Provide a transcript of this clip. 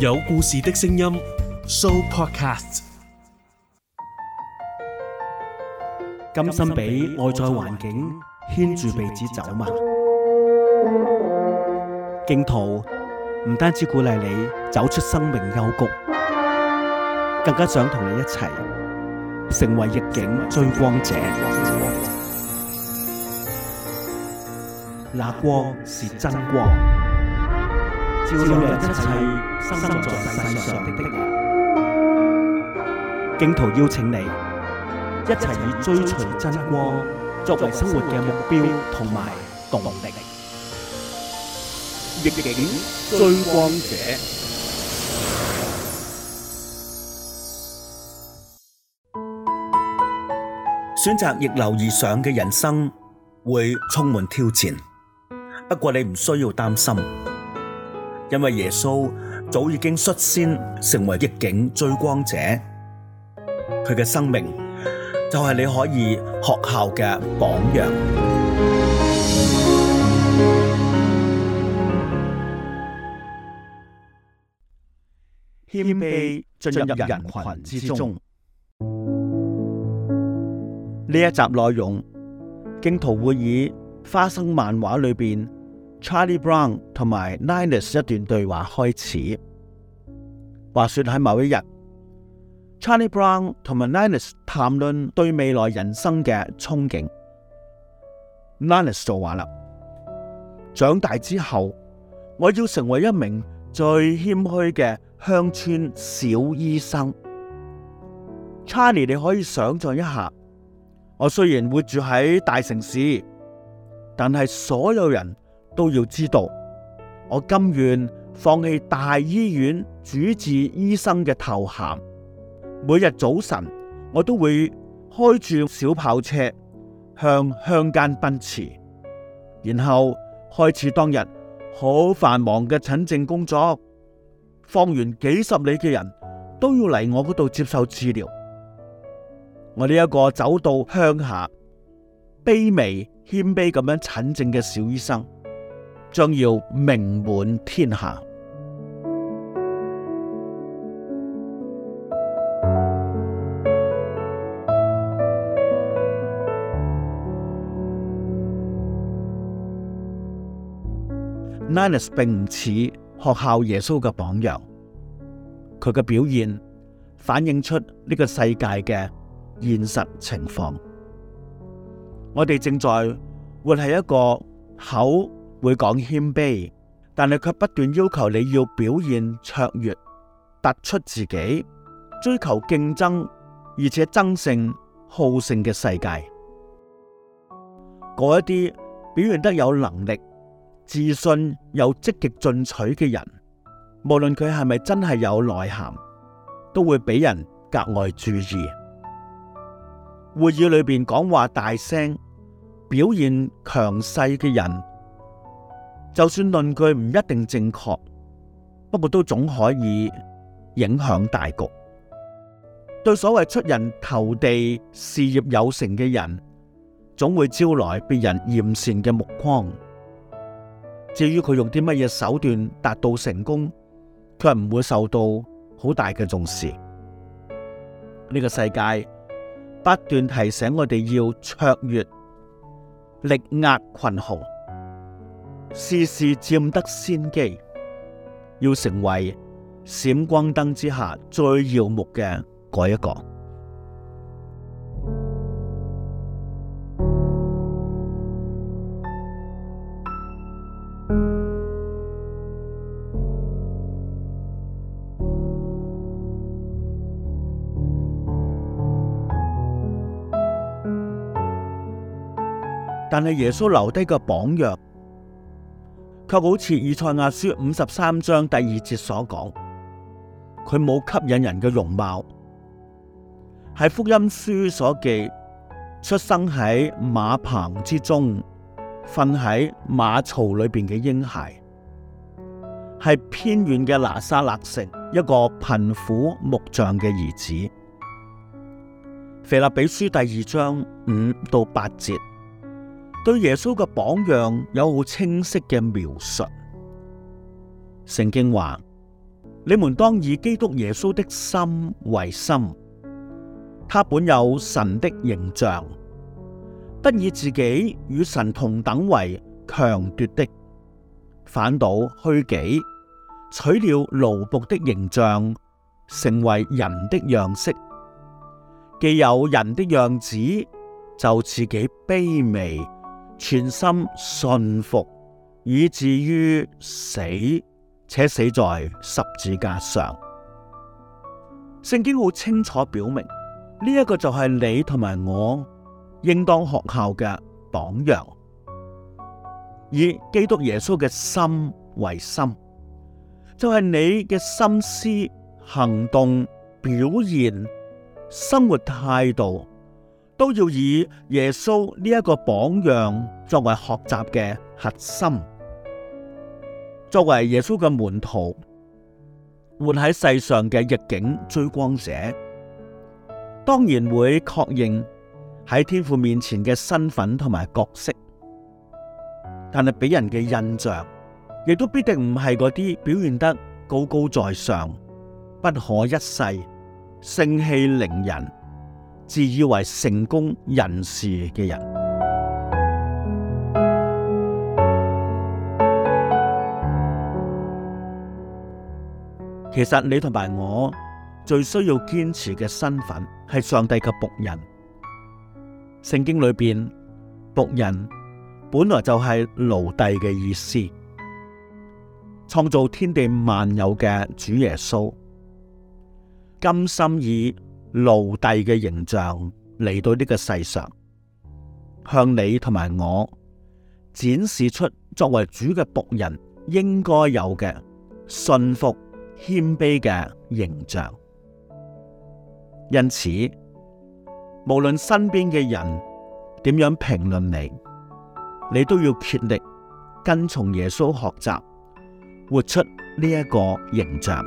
有故事的聲音，So Podcast。甘心俾外在環境牽住鼻子走嘛？荊徒唔單止鼓勵你走出生命幽谷，更加想同你一齊成為逆境追光者。那光是真光。照亮一切生在世上的的人，荊徒邀請你一齊以追隨真光作為生活嘅目標同埋動力。逆境追光者，選擇逆流而上嘅人生會充滿挑戰，不過你唔需要擔心。因為耶穌早已經率先成為逆境追光者，佢嘅生命就係你可以學效嘅榜樣，謙卑進入人群之中。呢一集內容，荊徒會以花生漫畫裏邊。Charlie Brown 同埋 Linus 一段對話開始。話說喺某一日，Charlie Brown 同埋 Linus 談論對未來人生嘅憧憬。Linus 就話啦：長大之後，我要成為一名最謙虛嘅鄉村小醫生。Charlie 你可以想象一下，我雖然會住喺大城市，但係所有人。都要知道，我甘願放棄大醫院主治醫生嘅頭銜。每日早晨，我都會開住小跑車向鄉間奔馳，然後開始當日好繁忙嘅診症工作。方圓幾十里嘅人都要嚟我嗰度接受治療。我呢一個走到鄉下卑微謙卑咁樣診症嘅小醫生。將要名滿天下。Ninus 並唔似學校耶穌嘅榜樣，佢嘅表現反映出呢個世界嘅現實情況。我哋正在活喺一個口。會講謙卑，但係卻不斷要求你要表現卓越、突出自己、追求競爭，而且爭勝、好勝嘅世界。嗰一啲表現得有能力、自信、又積極進取嘅人，無論佢係咪真係有內涵，都會俾人格外注意。會議裏邊講話大聲、表現強勢嘅人。就算論據唔一定正確，不過都總可以影響大局。對所謂出人頭地、事業有成嘅人，總會招來別人艷羨嘅目光。至於佢用啲乜嘢手段達到成功，卻唔會受到好大嘅重視。呢、這個世界不斷提醒我哋要卓越，力壓群雄。事事佔得先機，要成為閃光燈之下最耀目嘅嗰一個。但係耶穌留低嘅榜樣。卻好似以賽亞書五十三章第二節所講，佢冇吸引人嘅容貌，係福音書所記，出生喺馬棚之中，瞓喺馬槽裏邊嘅嬰孩，係偏遠嘅拿撒勒城一個貧苦木匠嘅兒子。腓立比書第二章五到八節。對耶穌嘅榜樣有好清晰嘅描述。聖經話：你們當以基督耶穌的心為心，他本有神的形象，不以自己與神同等為強奪的，反倒虛己，取了奴僕的形象，成為人的樣式。既有人的樣子，就自己卑微。全心信服，以至於死，且死在十字架上。聖經好清楚表明，呢、這、一個就係你同埋我應當學效嘅榜樣，以基督耶穌嘅心為心，就係、是、你嘅心思、行動、表現、生活態度。都要以耶穌呢一個榜樣作為學習嘅核心，作為耶穌嘅門徒，活喺世上嘅逆境追光者，當然會確認喺天父面前嘅身份同埋角色，但係俾人嘅印象，亦都必定唔係嗰啲表現得高高在上、不可一世、盛氣凌人。自以為成功人士嘅人，其實你同埋我最需要堅持嘅身份係上帝嘅僕人。聖經裏邊，僕人本來就係奴隸嘅意思，創造天地萬有嘅主耶穌甘心以。奴隸嘅形象嚟到呢個世上，向你同埋我展示出作為主嘅僕人應該有嘅信服謙卑嘅形象。因此，無論身邊嘅人點樣評論你，你都要竭力跟從耶穌學習，活出呢一個形象。